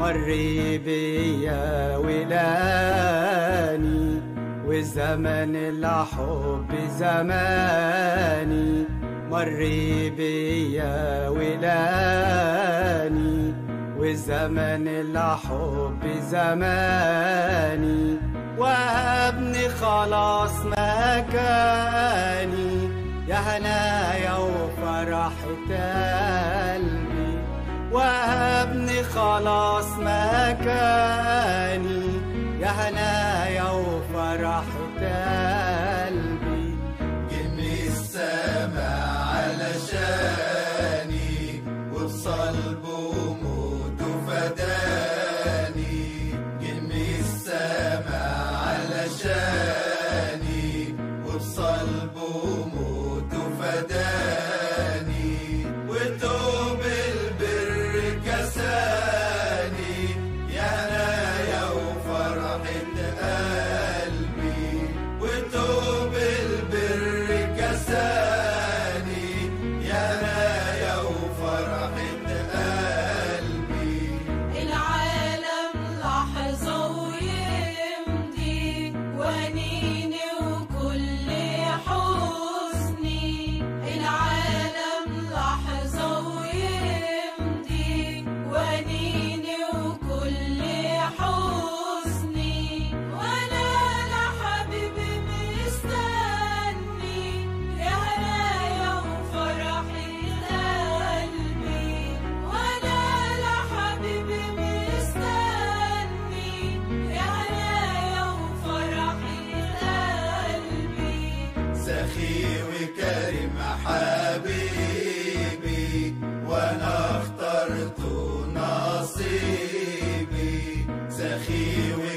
مر بيا ولاني والزمن الحب زماني مر بيا ولاني والزمن الحب زماني وابني خلاص مكاني يا هنايا وفرح تاني خلاص مكاني يا هنايا وفرح قلبي جبني السما علشاني وبصلبه zechiwi